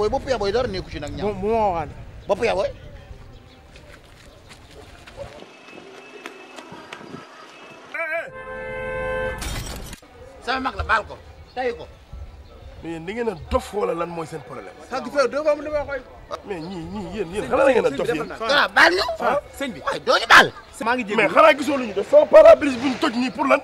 booy bopp yaa booy dara nekku ci nag. ñaar bu ma waxaat bopp yaa booy. sama mag la baal ko tay ko. mais yéen da ngeen a dof wala mooy seen problème. ah du fee doo ko am du ma koy. mais ñii ngeen a dof yéen. waaw baal ñu. sëñ bi baal. maa ngi jéem mais xanaa gisoo lu ñu def sama nii pour lan.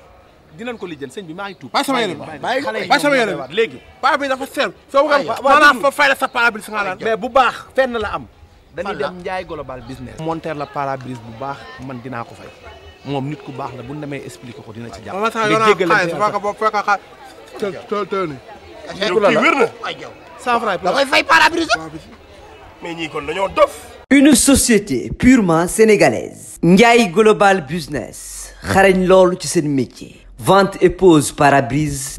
dinañ ko lijjën sëñ bi maa ngi tuub. bàyyi sama yére bàyyi sama yére léegi. paa dafa seer soo waxee maanaam fa fay la sa pare mais bu baax fenn la am. dañuy dem Ndiaye global business. monter la pare-brise bu baax man dinaa ko fay moom nit ku baax la bu ñu demee expliqué ko dina ci jàpp. nga jéggale xaalis bu baax boo fekk xaalis. te te te ne. Une société purement sénégalaise. Ndiaye Global Business xarañ loolu ci seen métier. vente et pose pare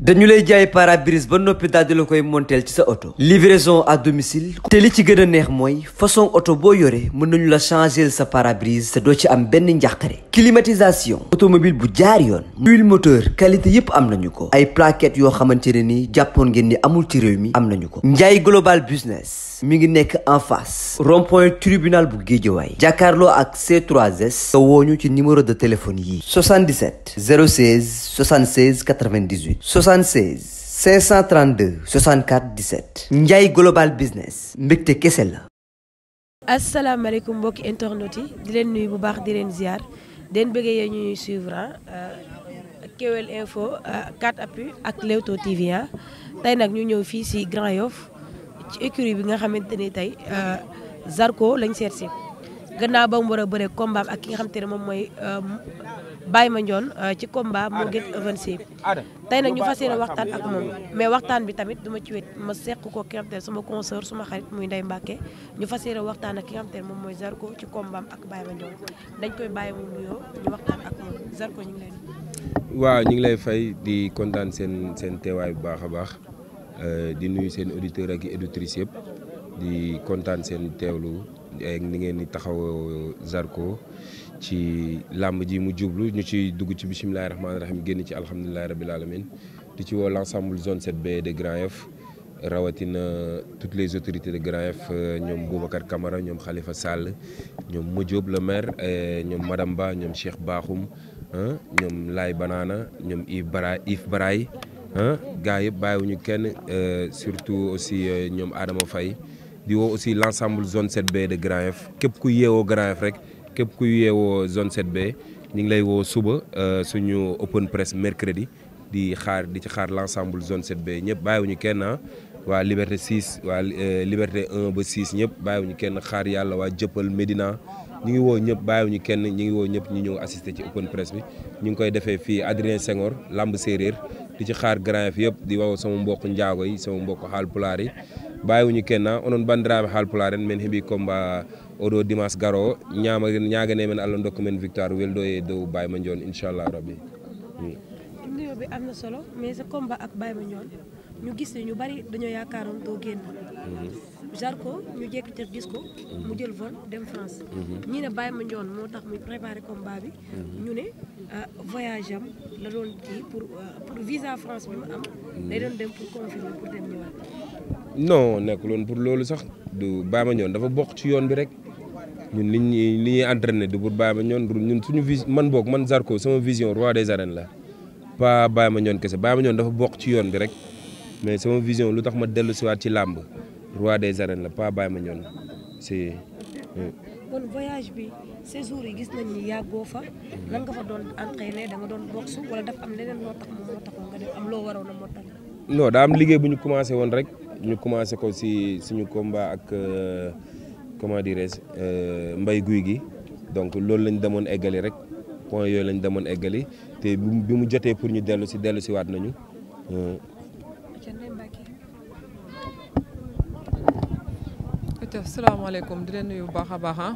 dañu lay jaay pare ba noppi daldi la koy monteel ci sa oto livraison à domicile te li ci gën a neex mooy façon oto boo yore mën nañu la changer sa pare-brise te doo ci am benn njàqare climatisation automobile bu jaar yoon huile moteur qualité yépp am nañu ko ay plaquettes yoo xamante ne ni jàppoon ngeen ni amul ci réew mi am nañu ko Ndiaye global business mi ngi nekk en face rond tribunal bu Guédiawaye jàkkaarloo ak C3S nga wooñu ci numéro de téléphone yii 77 016 76 98 76 532 64 17 Ndiaye Global Business mbégte kese la asalaamaaleykum mbokki internautes yi di leen nuy bu baax di leen ziar den bëggee ñu ñuy suivre ah, ah, Kewel Info 4 ah, appuis ak Leewtoo TV tey nag ñu ñëw fii si Grand Yoff ci écurie bi nga xamante ni tey Zarko lañ seet si gannaaw ba mu war ak ki nga xamante ne moom mooy bàyyi ma Mandione euh, ci combat moo gën avancé tey nag ñu fas yéene waxtaan ak moom mais waxtaan bi tamit du ma ci wet ma seq ko ki nga xam te sama consœur suma xarit muy Ndeye Mbacke ñu fas yéene waxtaan ak ki nga xam moom mooy Zarko ci combat ak Baye dañ koy bàyyi mu nuyoo waaw ñu ngi lay fay di kontaan seen seen teewaay bu baax a baax euh, di nuyu seen auditeurs ak auditrices yëpp di kontaan seen teewlu ak ni ngeen di taxaw Zarko ci làmb ji mu jublu ñu ci dugg ci bisimilahi rahmaani rahim génn ci alhamdulilahi rabil alamin di ci woo l' ensemble zone 7B de Grand Yoff rawatina toutes les autorités de Grand Yoff ñoom Boubacar Camara ñoom Khalifa Sall ñoom Modiob le maire ñoom Madame ñoom Cheikh baaxum ñoom Laay Banana ñoom Yves Baraay Yves Baraay gaa yëpp ñu kenn euh, surtout aussi euh, ñoom Adama fay di woo aussi l' ensemble zone 7B de Grand Yoff képp ku yeewoo Grand Yoff rek képp kuy yeewoo zone 7B ñu ngi lay woo suba euh, suñu open press mercredi di xaar di ci xaar l' ensemble zone 7B ñëpp bàyyiwuñu kenn ah waa Liberté 6 waa euh, Liberté 1 ba 6 ñëpp bàyyiwuñu kenn xaar yàlla waa Jëppal Médina ñu ngi woo ñëpp bàyyiwuñu kenn ñu ngi woo ñëpp ñu ñëw assister ci open press bi ñu ngi koy defee fii Adrien Senghor lamb séeréer di ci xaar grand yëpp di wow sama mbokku njaago yi sama mbokku xaalpulaar yi bàyyiwuñu kenn ah onon bandiraɓe haalpulaar en min heeɓi combat oɗo dimanche garowo ñama ñaganemen allah dokka men victoire welɗo e dow baye ma joni inchallah rabbi hmm. nuyoo bi am na solo mais sa combat ak baye ma ñoon ñu gis ne ñu bari dañoo yaakaaroon doo génn hmm. ñu jekki te gis ko mu jël vol dem France hmm. ñi ne Baye Mandione moo tax muy préparé combat bi ñu ne euh, voyage am la doon kii pour euh, visa France bi mu am day doon dem pour confirmer pour dem ñëwaat non nekkuloon loolu sax du Baye Mandione dafa bokk ci yoon bi rek ñun li ñuy li ñuy entraîné du pour Baye ñun suñu vis man boog man Zarko sama vision roi des arènes la pas Baye Mandione kese Baye Mandione dafa bokk ci yoon bi rek mais sama vision lu tax ma dellu siwaat ci làmb roi des arènes la pas Baye Mandione si. kon euh, voyage bi séjour yi gis nañ ni yàggoo fa. lan nga fa doon entraîné da nga wala dafa am leneen loo tax moo taxoon nga def am loo waroon a moo tax. non daa am liggéey bu ñu commencé woon rek ñu commencé ko si suñu combat euh, comment dirais euh, mbay guy gi donc loolu lañ demoon eggali rek point yooyu lañ demoon eggali te bi mu jotee pour ñu dellu si dellu si waat nañu. Euh. salaamaaleykum di leen nuyu bu baax a baax ah.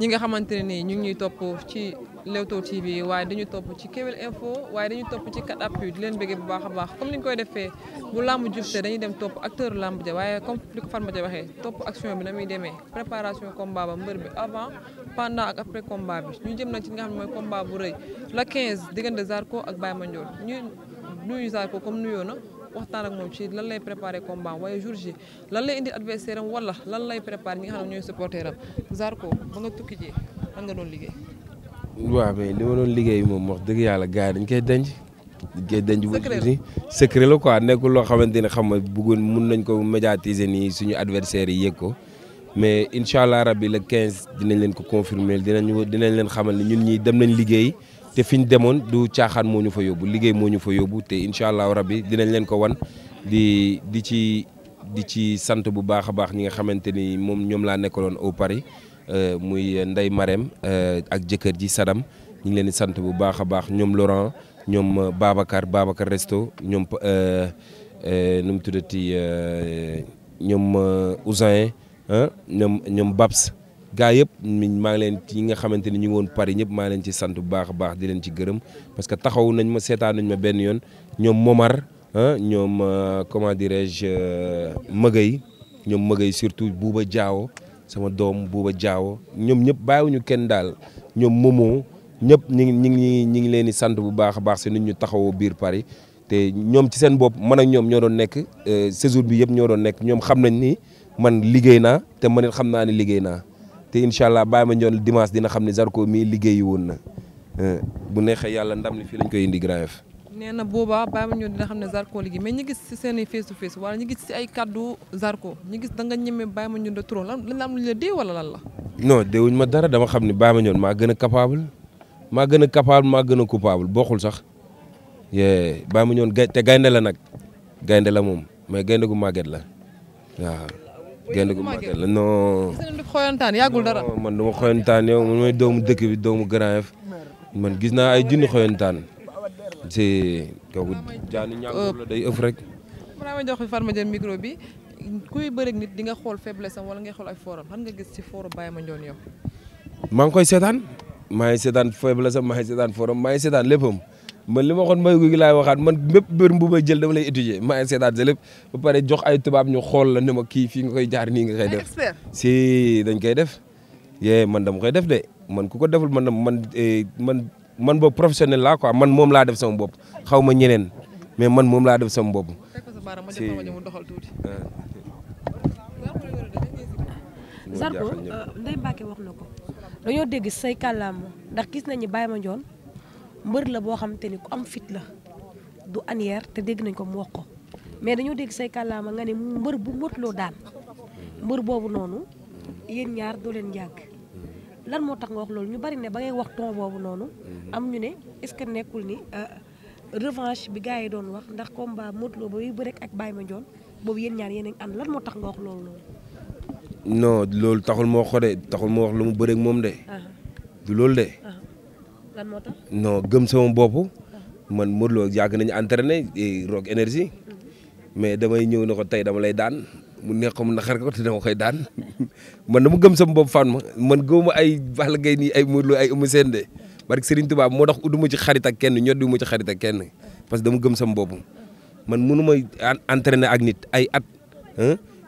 ñi nga xamante ne nii ñu ngi ñuy topp ci. Leewtoo TV waaye dañu topp ci Kewel Info waaye dañu topp ci 4appuis di leen bëggee bu baax a baax comme ni ñu koy defee bu làmb jubsee dañuy dem topp acteur làmb ja waaye comme li ko Fatma ja waxee topp action bi na muy demee préparation combat ba mbër bi avant pendant ak après combat bi ñu jëm nag ci nga xam ne mooy combat bu rëy la 15 diggante Zarko ak Baye Mandione ñu nuyu Zarko comme nuyoo na waxtaan ak moom ci lan lay préparé combat waaye jour ji lan lay indi adversaire am wala lan lay préparé ñi nga xam ne ñooy supporter am Zarko nga tukki jee lan nga doon liggéey waaw mais li ma liggéey moom moo dëgg yàlla gars yi dañ koy denc. dañ koy denc bu tuuti secret la quoi nekkul loo xamante ne xam nga bëggoon mun nañ ko médiatiser nii suñu adversaire yi yëg ko. mais incha allah rabi le 15 dinañ leen ko confirmer dinañ dinañ leen xamal ne ñun ñii dem nañ liggéey te fi ñu demoon du caaxaan moo ñu fa yóbbu liggéey moo ñu fa yóbbu te incha allah rabi dinañ leen ko wan di di ci di ci sant bu baax a baax ñi nga xamante ni moom ñoom laa nekkaloon au Paris. Euh, muy Ndeye Marème euh, ak jëkkër ji Sadam ñu ngi leen di sant bu baax a baax ñoom Laurent ñoom euh, Babacar Babacar Resto ñoom nu mu tuddati ñoom Ousain ñoom ñoom Babs gaa yëpp maa ngi leen ci ñi nga xamante ni ñu ngi woon Paris ñëpp maa ngi leen ci sant bu baax a baax di leen ci gërëm parce que taxaw nañ ma seetaan nañ ma benn yoon ñoom Momar ñoom comment dirais-je Mëgëy ñoom Mëgëy surtout Bouba jaawo sama doom buuba jaawo ñoom ñëpp bàyyiwuñu kenn daal ñoom moomoo ñëpp ñi ngi ñi ngi ñi ngi leen di sant bu baax a baax si nit ñu taxawoo biir Paris te ñoom ci seen bopp man ak ñoom ñoo doon nekk euh, séjour bi yëpp ñoo doon nekk ñoom xam nañ ni man liggéey naa te man it xam naa ni liggéey naa te incha allah bàyyi ma ñoon dimanche dina xam ne Zarko mii liggéeyi woon na euh, bu neexee yàlla ndam li fii lañ koy indi Grand Yoff nee na boobaa bàyyi ma ñëw dina xam ne Zarko liggéey mais ñi gis si seeni i face to face wala ñi gis si ay kaddu Zarko ñi gis da nga ñeme bàyyi ma ñëw de trop lan lan dee wala lan la. non ma dara dama xam ne bàyyi ma maa gën a capable maa gën a capable maa gën a coupable bokkul sax yee bàyyi ma ñëw gay gaynde la nag gaynde la moom mais gaynde gu màgget la waaw. gaynde gu màgget la non. gis nañu dara. man dama xoyantaan yow man mooy dëkk bi doomu Grand man gis naa ay junni xoyantaan si kaw jaani ñàngul la day ëf rek. maanaam ma jox bi kuy bëreeg nit di nga xool faiblesse am wala nga xool ay fooram xam nga gis si fooru Baye Mandione yow. maa ngi koy seetaan maa ngi seetaan faiblesse am maa ngi seetaan fooram maa ngi seetaan léppam man ma waxoon mbéy mi laay waxaat man bépp mbër bu may jël dama lay étudier maa ngi seetaan sa lépp ba pare jox ay tubaab ñu xool la ne ma kii fii nga koy jaar nii nga koy def. si dañ koy def. yee man dama koy def de man ku ko deful man man eh, man. man boobu professionnel laa quoi man moom laa def sama bopp xaw ma ñeneen mais man moom laa def sama bopp. si ah. Zarko euh, Ndeye Mbacke wax na ko dañoo dégg say kàllaam ndax gis nañu ma joon mbër la boo xamante ni ku am fit la du anière te dégg nañ ko mu wax ko mais dañoo dégg say kàllaama nga ne mbër bu loo daan mbër boobu noonu yéen ñaar doo leen yàgg. lan moo tax nga wax loolu ñu bari ne ba ngay wax ton boobu noonu. Mhm. am ñu ne est-ce que nekkul ni euh, revanche bi gars yi doon wax ndax combat Modou Lo ba muy bëre ak Baye Mandione boobu yéen ñaar yéen a ànd lan moo tax nga wax loolu loolu taxul moo xoolee taxul moo lu mu bëre moom de. Ah. loolu de. Ah. lan moo tax non gëm sama bopp. Ah. man Modou Lo yàgg nañu entraîné roog énergie. Mm. mais damay ñëw ne ko tey dama lay daan mu neex ko mu naqar ko te dama koy daan man dama gëm sama bopp fan ma man gëmuma ay Balla Gaye nii ay Modou ay Eumeu Sène de barke Serigne Touba moo tax uduma ci xarit ak kenn ñoddu ma ci xarit ak kenn parce que dama gëm sama bopp man mënu ma entraîner ak nit ay at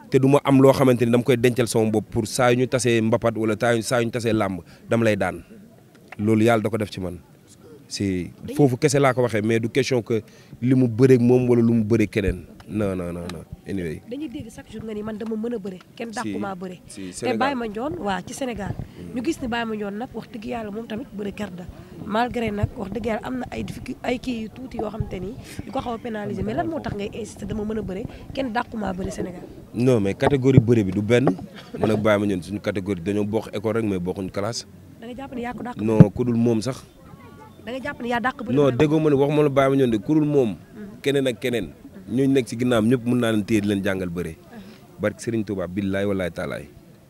te du ma am loo xamante ni dama koy dencal sama bopp pour saa ñu tasee mbapat wala saa saa ñu tasee làmb dama lay daan loolu yàlla da ko def ci man si foofu kese laa ko waxee mais du question que li mu bëreeg moom wala lu mu bëreeg keneen non non non non. anyway dañuy dégg chaque jour nga ni man dama mën a bëre. kenn dàqu maa bëre. si Sénégal te Baye Mandione waa ci Sénégal. Mm. ñu gis ni Baye Mandione nag wax dëgg yàlla moom tamit bëre garda malgré nag wax dëgg yàlla am na ay difficulté ay kii yu tuuti yoo xam te ni du ko xaw a pénaliser mais lan moo tax ngay insister dama mën a bëre kenn dàqu maa bëre Sénégal. non mais catégorie bëre bi du benn man ak Baye Mandione suñu catégorie dañoo bokk école rek mais bokkuñu classe. da nga jàpp ne yaa ko dàq. non ku dul moom sax da nga jàpp ne yaa dàq. non déggoo ma ne wax ma la bàyyi ma de kurul moom. keneen ak keneen. ñooñu nekk ci ginnaawam ñëpp mën naa leen téye di leen jàngal bëre. barke Serigne Touba billaay walaay taalaay.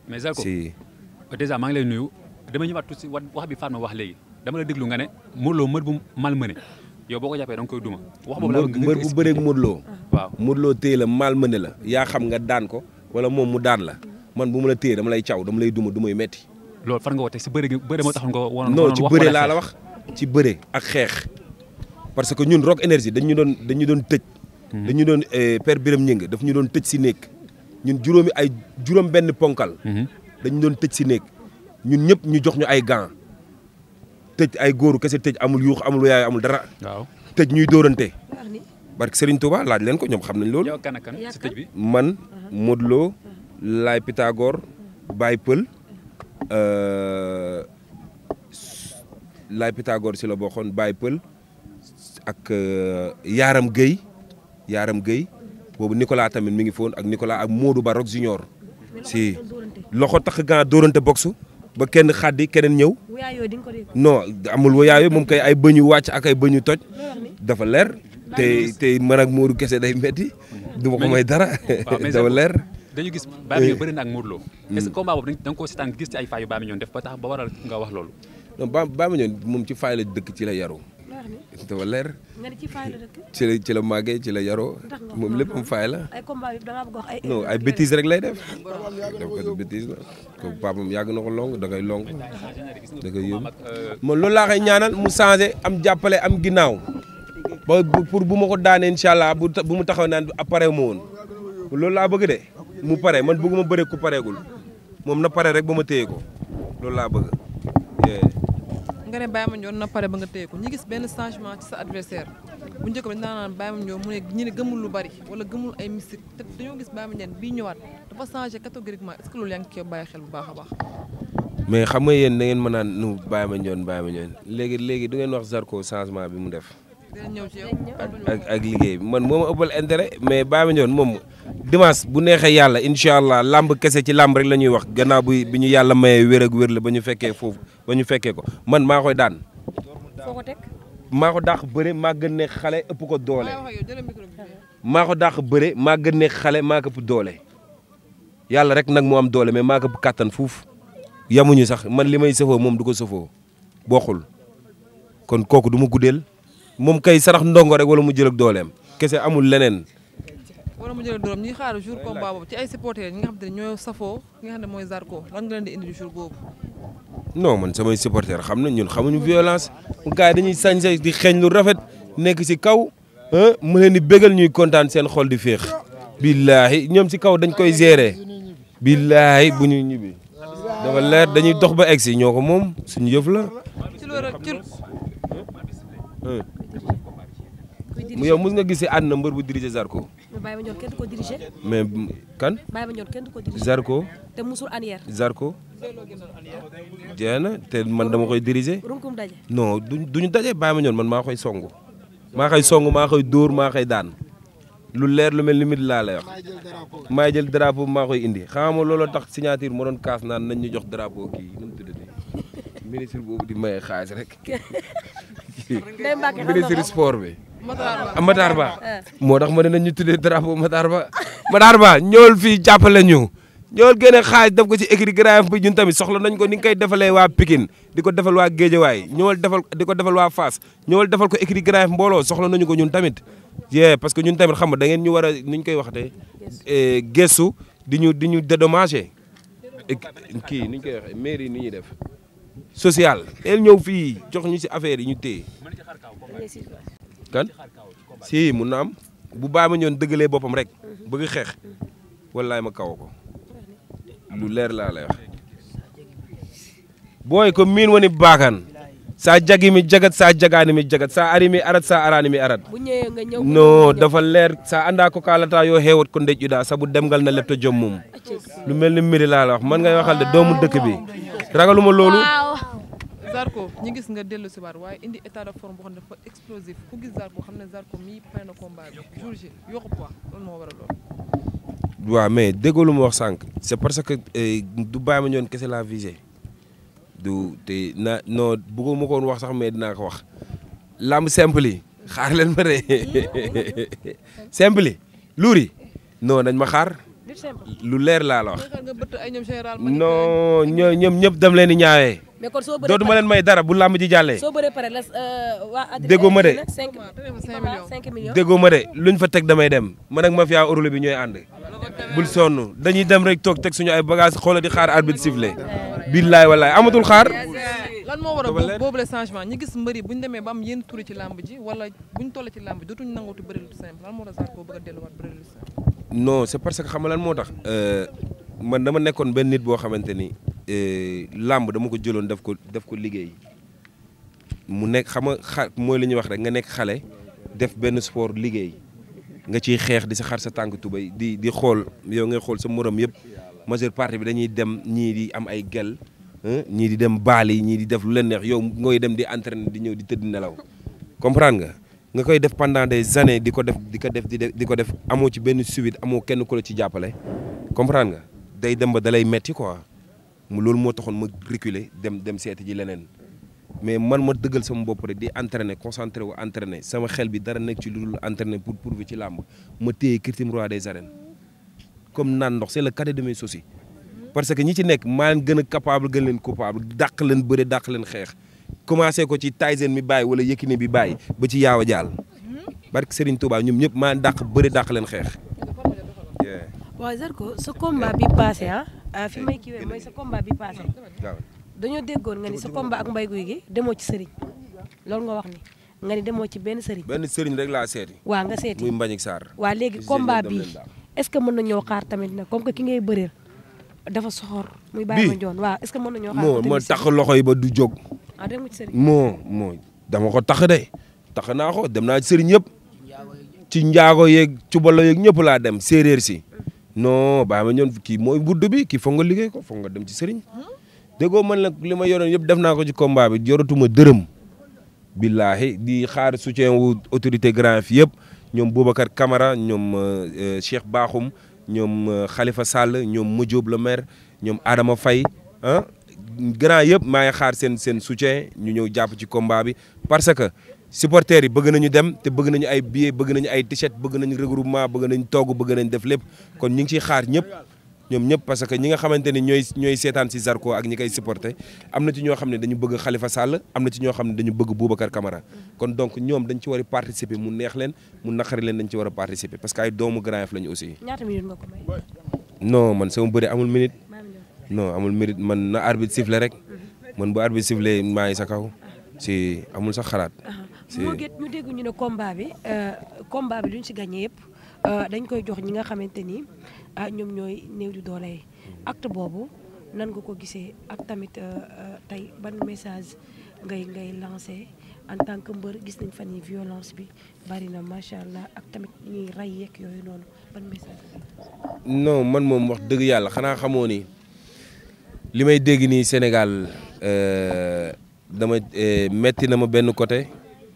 mais Zarko si dèjà maa ngi lay nuyu. dama ñëwaat tuuti si wax bi Fatma wax léegi dama la nga ne Modou Lo mbër bu malmené yow boo ko jàppee da nga koy duma. wax boobu laa bëgg mbër bu bëreeg Modou Lo. waaw Modou Lo téye la malmené la. yaa xam nga daan ko wala moom mu daan la man bu ma la téye dama lay caw dama lay duma du may metti loolu fan nga ko teg si bëre gi bëre moo tax nga laa la wax ci bëre ak xeex parce que ñun Rock Énergie dañu doon dañu doon tëj. Hmm. dañu doon eh, per Birame Ngingue daf ñu doon tëj si néeg ñun juróomi ay juróom ponkal. Hmm. dañu doon tëj si néeg ñun ñëpp ñu jox ñu ay gants tëj ay góoru kese tëj amul yuux amul yaay amul dara. waaw tëj ñuy dóorante. barke Serigne Touba laaj leen ko ñoom xam nañ loolu. yow bi man Modou Lo Pythagore Baye Pël. Laay Pythagore si la bokkoon Baye Pël ak euh, Yaaram Guèye Yaaram Guèye boobu Nicolas tamit mu ngi foon ak nikola ak Modou Barok Junior si loxo tax gan doorante boxe ba kenn xaddi keneen ñëw non amul wayaayoo moom kay ay bëñu wàcc ak ay bëñu toj dafa leer te te man ak Modou kese day metti du ma ko dara dafa leer dañu gis Baye Mandione eh. bëri na hmm. gis ci ay faa yu def ba tax ba waral nga wax loolu non ba ma ñëw moom ci faay la dëkk ci la yaru dafa ci faay la dëkk. ci la ci la màggee ci la yaroo. moom lépp am faay la. ay combat ay. non rek lay def. def ko yàgg na ko lonk da koy lonk da koy yóbbu. man loolu laa koy ñaanal mu changé am jàppale am ginnaaw. ba pour bu ma ko daanee incha allah bu bu mu taxaw naan appareil ma woon. loolu laa bëgg de. mu pare man bëgguma bëre ku pareegul. moom na pare rek bo ma téye ko. loolu laa bëgg. nga ne Baye Mandione na pare ba nga téye ko ñu gis benn changement ci sa adversaire bu njëkk ba ñu naan Baye Mandione mu ne ñu ne gëmul lu bari wala gëmul ay mystique te dañoo gis Baye Mandione bii ñëwaat dafa changé catégoriquement est-ce que loolu yaa ngi koy bàyyi xel bu baax a baax. mais xam nga yéen da ngeen mën a nu Baye Mandione Baye léegi léegi du ngeen wax Zarko changement bi mu def. ak ak liggéey bi man moo ma ëppal intérêt mais Baye Mandione moom dimanche bu neexee yàlla incha allah làmb kese ci làmb rek la ñuy wax gannaaw bu ñu yàlla mayee wér ak wér la ba ñu fekkee foofu ba ñu fekkee ko man maa koy daan. foo ko dàq bëre maa gën nekk xale ëpp ko doole. maa ko dàq bëre maa gën xale maa ko doole. yàlla rek nag moo am doole mais maa ko ëpp kàttan fuuf yamuñu sax man li may sëfoo moom du ko sëfoo bokkul kon kooku duma ma guddeel moom kay sarax ndongo rek wala mu jël dooleem kese amul leneen. wala mu jëlee dóoram ñuy xaar jour combat boobu ci ay supporters ñi nga xam te ne ñooy safoo ki nga xam ne mooy Zarko lan nga leen di indi jour boobu. non man samay supporters xam nañ ñun xamuñu violence gars yi dañuy sañse di xeeñ lu rafet nekk ci kaw mu leen di bégal ñuy kontaan seen xol di féex. billaahi ñoom ci kaw dañ koy gérer billaahi bu ñuy ñibbi dafa leer dañuy dox ba egg si ñoo ko moom suñu yëf la. mu yow mos nga gis si àdduna mbër bu diriger Zarko. Baye Mandione kenn du ko diriger. mais kan. Baye Mandione kenn du ko diriger. Zarko. te musul anière. Zarko. jeex na te man dama koy diriger. runkum daje. non duñ duñu daje Baye Mandione man maa koy songu. maa koy songu maa koy dóor maa koy daan. lu leer lu mel ni mit laa lay wax. maay jël drapeau bi maa koy indi xam nga looloo tax signature ma doon kaas naan nañ ñu jox drapeau kii nu mu tuddati ministre boobu di maye xaalis rek. ministre sport bi. Matar Ba eh. moo tax ma ne ñu tuddee drapeau Matar Ba Matar Ba ñëwal fii jàppale ñu ñëwal gën a xaaj def ko ci écrit graaf ñun tamit soxla nañ ko ni nga koy defalee waa Pikine di ko defal waa Géejawaay ñëwal defal di ko defal waa Fass ñëwal defal ko écrit graaf mbooloo soxla nañu ko ñun tamit yee parce que ñun tamit xam nga da ngeen ñu war a nuñ koy waxatee eh, gëstu di ñu di ñu dédommagé kii nuñ koy waxee mairie ni ñuy def social el ñëw fii jox ñu ci affaire yi ñu téye kan si mun na am bu baa ma ñoon dëggalee boppam rek bëgg xeex wallaay ma kaw ko lu leer laa lay wax booy ko miin woni baakan saa jagi mi jagat saa jagaani mi jagat saa ari mi arat saa araani mi arat non dafa leer saa anda ko kaalata yoo xeewat ko ndejjuɗa sabu demgal na lepta jom lu mel ni mbiri laa la wax man ngay waxal de doomu dëkk bi ragaluma loolu Zarko ñi gis nga dellu si waat waaye indi état de xam ne dafa explosif ku gis mais déggoo lu ma wax sànq c'est parce que eh, du bàyyi ma ñoon kese la visée du te na non wax sax mais dinaa ko wax lamb simple yi xaar leen ma de simple yi luur yi non nañ ma xaar. lu leer laa la wax. non ñoom ñëpp dem leen di ñaawee. mais kon soo bëree dootuma leen may dara bu làmb ji jàllee. soo bëree pare la euh, waa. déggoo ma de déggoo ma de luñ fa teg damay dem man ma mafia orlu bi ñooy ànd. bul sonn dañuy dem rek toog teg suñu ay bagage xoola di xaar arbitre sifflé. billaay wallaay amatul xaar. lan moo war a boobu la changement ñi gis mbëri bu ñu demee ba am yenn turi ci làmb ji wala bu ñu toll ci làmb ji dootuñu nangootu bëri lu simple lan moo war a Zarko bëgg a delluwaat bëri lu parce que xam lan moo tax. Euh, man dama nekkoon benn nit boo xamante ni eh, làmb dama ko jëloon daf ko daf ko liggéey mu nekk xam nga xa mooy li ñuy wax rek nga nekk xale def benn sport liggéey nga ciy xeex di sa xar sa tànk tubéy di di xool yow ngay xool sa morom yëpp majeure partie bi dañuy dem ñii di am ay gel ñii di dem baal yi ñii di def lu leen neex yow ngooy dem di entraîner di ñëw di tëdd nelaw comprendre nga nga koy def pendant des années di ko def di ko def di ko def amoo ci benn suite amoo kenn ku la ci jàppale comprendre nga day dem ba dalay metti quoi mu loolu moo taxoon ma reculer dem dem seeti ji leneen mais man ma dëggal sama bopp rek di entraîner concentré wu entraîner sama xel bi dara nekk ci lu dul entraîner pour prouver ci làmb ma téye kirtim roi des arènes comme naan ndox c'est le cadet de mes soucis parce que ñi ci nekk maa gën a capable gën leen coupable dàq leen bëre dàq leen xeex commencé ko ci Tyson bi bàyyi wala Yékini bi bàyyi ba ci yaaw a jaal mm-hmm. barke Serigne Touba ñoom ñëpp maa leen dàq bëre dàq leen xeex waaw Zarko sa combat bi passé ah, ah fi may sa combat bi passé dañoo déggoon nga ni sa combat ak Mbaye Gouye demoo ci sëriñ loolu nga wax ni nga demoo ci benn sëriñ. benn sëriñ rek laa seeti. waaw nga seeti muy waa léegi combat bi est-ce que mën nañoo xaar tamit nag comme que ki ngay bëreel dafa soxor. muy bàyyi ma joon waaw est-ce que mën nañoo. xaar moo tax loxo yi ba du jóg. ah demoo ci sëriñ. moo moo dama ko tax de tax naa ko dem naa ci sëriñ yëpp ci njaago yeeg cubalo yeeg ñëpp laa dem séeréer si. non baa ma ñoon ki mooy buddu bi kii foog nga liggéey ko foog nga dem ci sëriñ déggoo man nag li ma yoroon yëpp def naa ko ci combat bi yoratuma dërëm billaahi di xaar soutien wu autorité grand fi yëpp ñoom Boubacar Camara ñoom euh, euh, Cheikh Bakhoum ñoom euh, Khalifa Sall ñoom Modiob le maire ñoom Adama fay ah grand yëpp maa ngi xaar seen seen soutien ñu ñëw jàpp ci combat bi parce que supporters yi bëgg nañu dem te bëgg nañu ay billets bëgg nañu ay t-shirt bëgg nañu regroupement bëgg nañu togg bëgg nañu def lépp kon ñu ngi ciy xaar ñëpp ñoom ñëpp parce que ñi nga xamante ne ñooy ñooy seetaan si Zarko ak ñi koy supporter am na ci ñoo xam ne dañu bëgg Khalifa Sall am na ci ñoo xam ne dañu bëgg Boubacar Camara kon donc ñoom dañ ci war a mu neex leen mu naqari leen dañ ci war a participer que ay doomu Grand Yoff lañu aussi. ñaata minute nga bëri amul minute. non amul minute man na arbitre sifflé rek man bu arbitre sifflé maa ngi sa kaw si amul sax xalaat. Uh-huh. mu gét dégg ñu ne combat bi euh, combat bi lu ñu si gagné yëpp euh, dañ koy jox ñi nga xamante ni ah, ñoom ñooy néew di doole yi mm. acte boobu nan nga ko gisee ak tamit euh, tey ban message ngay ngay lancé en tant que mbër gis nañ fan yi violence bi bari na macha allah ak tamit ñuy rey yeeg yooyu noonu ban message. non man moom wax dëgg yàlla xanaa xamoo ni li may dégg nii Sénégal dama metti na ma benn côté.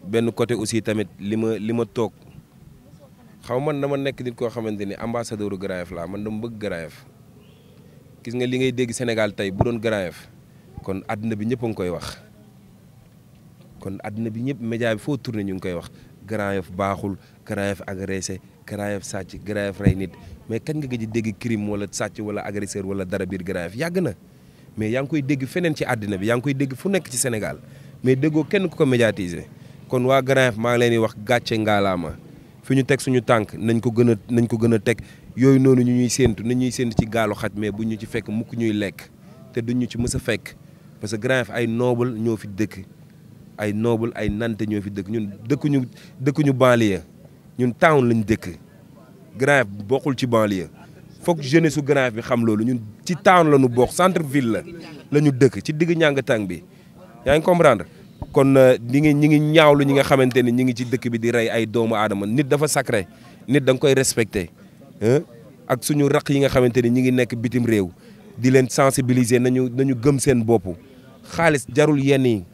benn côté aussi tamit li ma li ma toog xaw man dama nekk nit koo xamante ni ambassadeur Grand Yoff laa man dama bëgg Grand gis nga li ngay dégg Sénégal tey bu doon Grand kon àddina bi ñëpp a ngi koy wax kon àddina bi ñëpp média bi foo tourné ñu ngi koy wax Grand Yoff baaxul Grand Yoff agressé Grand sàcc Grand Yoff rey nit mais kañ nga gëj a dégg crime wala sàcc wala agresseur wala dara biir Grand yàgg na mais yaa ngi koy dégg feneen ci àddina bi yaa koy dégg fu nekk ci Sénégal mais déggoo kenn ku ko médiatiser kon waa Grand Yoff maa ngi leen di wax gàcce ngaalaama fi ñu teg suñu tànk nañ ko gën a nañ ko gën a teg yooyu noonu ñu ñuy séentu nañ ñuy séentu ci gaalu xaj mais bu ñu ci fekk mukk ñuy lekk te duñ ñu ci mës a fekk parce que Grand ay noble ñoo fi dëkk ay noble ay nante ñoo fi dëkk ñun dëkkuñu dëkkuñu banlieue ñun town lañ dëkk Grand bokkul ci banlieue foog jeunesse su Grand bi xam loolu ñun ci town la ñu bokk centre ville la la ñu dëkk ci digg ñàngatang bi yaa ngi comprendre. kon euh, ñi ngi ñi ngi ñaawlu ñi nga xamante ni ñu ngi ci dëkk bi di rey ay doomu aadama nit dafa sacré nit danga koy respecté ak suñu raq yi nga xamante ni ñi ngi nekk bitim réew di leen sensibiliser nañu nañu gëm seen bopp xaalis jarul yenn yi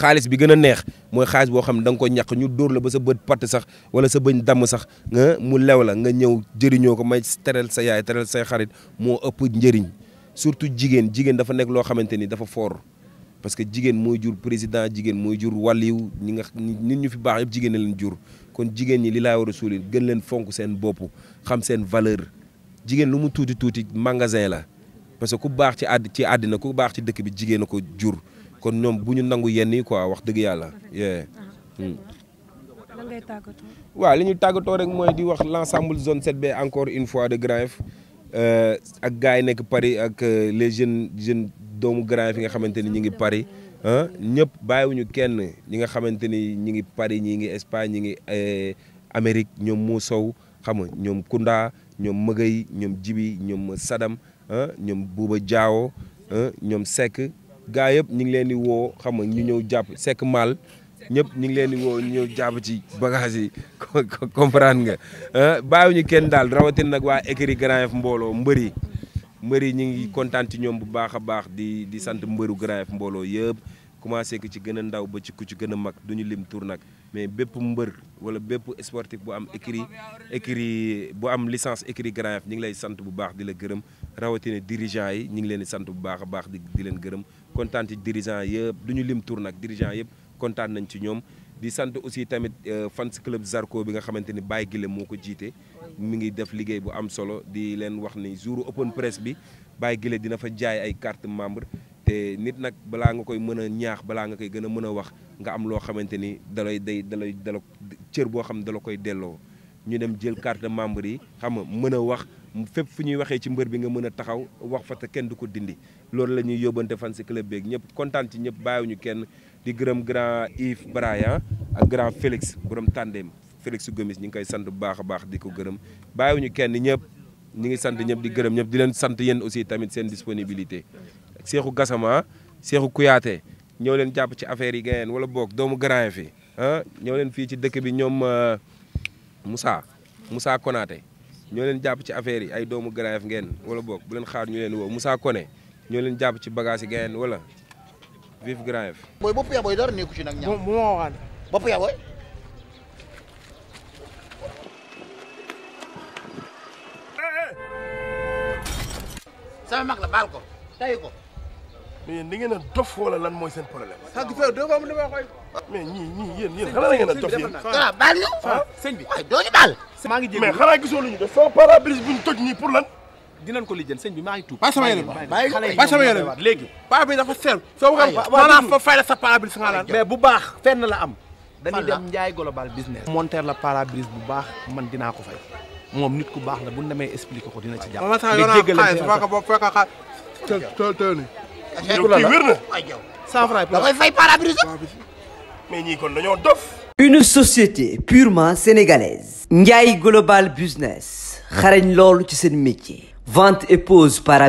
xaalis bi gën a neex mooy xaalis boo xam ne da nga ko ñàq ñu dóor la ba sa bët patt sax wala sa bëñ damm sax nga mu lew la nga ñëw jëriñoo ko may teral sa yaay teral say xarit moo ëpp njëriñ surtout jigéen jigéen dafa nekk loo xamante ni dafa foor parce que jigéen mooy jur président jigéen mooy jur wàlliw ñi nga nit ñu fi baax yëpp jigéen leen jur kon jigéen ñi li laa war a suuli gën leen fonk seen bopp xam seen valeur jigéen lu mu tuuti tuuti magasin la parce que ku baax ci àdd ci àddina ku baax ci dëkk bi jigéen a ko jur kon ñoom bu ñu nangu yenn yi quoi wax dëgg yàlla yee ah, hmm. waaw li ñu tàggatoo rek mooy di wax l'ensemble zone 7B encore une fois de grève Euh, ak gars yi nekk Paris ak euh, les jeunes jeunes doomu grand fi nga xamante ni ñu ngi Paris ah ñëpp bàyyiwuñu kenn ñi nga xamante ni ñi ngi Paris ñi ngi Espagne ñi ngi euh, Amérique ñoom moo sow xam nga ñoom Kounda ñoom Mëgëy ñoom Jibi ñoom Sadam ah ñoom Bouba Diawo ñoom Seck gars yëpp ñu ngi leen di woo xam nga ñu ñëw jàpp Seck Mal ñëpp ñu ngi leen di woo ñëw jàpp ci bagage yi comprendre nga ah, ñu kenn daal rawatina nag waa écurie Grand Yoff mbooloo mbëri mbëri ñu ngi kontaan ci ñoom bu baax a baax di di sant mbëru Grand mbooloo yëpp commencé ku ci gën a ndaw ba ci ku ci gën a mag ñu lim tur nag mais bépp mbër wala bépp sportif bu am écurie écurie bu am licence écurie Grand Yoff ñu ngi lay sant bu baax di la gërëm rawatina dirigeant yi ñu ngi leen di sant bu baax a baax di di leen gërëm kontaan ci dirigeant yëpp duñu lim tur nag dirigeant yëpp kontaan nañ ci ñoom di sant aussi tamit euh, fans club Zarko bi nga xamante ni Baye Guilé moo ko jiite mu ngi def liggéey bu am solo di leen wax ni jour open press bi Baye Guilé dina fa jaay ay carte membre te nit nag balaa nga koy mën a ñaax balaa nga koy gën a mën a wax nga am loo xamante ni dalay day dalay dala cër boo xam ne dala koy delloo ñu dem jël carte membre yi xam nga mën a wax fépp fu ñuy waxee ci mbër bi nga mën a taxaw wax fa te kenn du ko dindi loolu la ñuy yóbbante fan si club beeg ñëpp kontaan ci ñëpp bàyyiwuñu kenn di gërëm grand Yves Braya ak grand Félix borom tàndeem Félix Gomis ñu ngi koy sant bu baax a baax di ko gërëm bàyyiwuñu kenn ñëpp ñu ngi sant ñëpp di gërëm ñëpp di leen sant yéen aussi tamit seen disponibilité. Seexu gasama Seexu Kuyaate ñëw leen jàpp ci affaire yi gayeen wala boog doomu grand fi ah ñëw leen fii ci dëkk bi ñoom euh, Moussa Moussa Konaté. ñoo leen jàpp ci affaire yi ay doomu Grand Yoff ngeen wala boog bu leen xaar ñu leen woo Moussa Koné ñoo leen jàpp ci bagage yi ngeen wala vive Grand Yoff. booy bopp yaa booy ci nag. ñaar bu ma waxaan bopp yaa mais yéen da ngeen a dof wala lan mooy seen problème. sànq fii deux fois mu demee xoy. mais ñii ñii yéen yéen xanaa la ngeen a dof yéen. waaw baal ñu. waaw sëñ bi waaye doo ñu baal. maa ngi jéem mais xanaa gisoo lu ñu def sama pare-brise bu ñu toj nii pour lan. dinañ ko lijjën sëñ bi maa ngi tuub. bàyyi sama yére bàyyi sama yére léegi. pare-brise dafa seetlu soo ko xam maanaam fa fay la sa pare-brise nga naan. mais bu baax fenn la am. dañuy dem Ndiaye global business. monter la pare-brise bu baax man dinaa ko fay moom nit ku baax la bu ñu demee expliquer ko dina ci jàpp. mais jéggal une société purement sénégalaise. Ndiaye Global Business xarañ loolu ci seen métier. vente et pose pare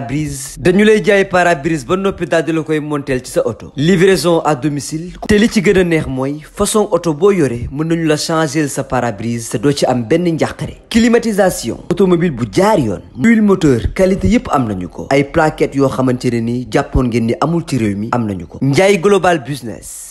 dañu lay jaay pare ba noppi daldi la koy monteel ci sa oto livraison à domicile te li ci gën a neex mooy façon oto boo yore mën nañu la changer sa pare-brise te doo ci am benn njàqare climatisation automobile bu jaar yoon huile moteur qualité yépp am nañu ko ay plaquettes yoo xamante ne ni jàppoon ngeen ni amul ci réew mi am nañu ko njaay global business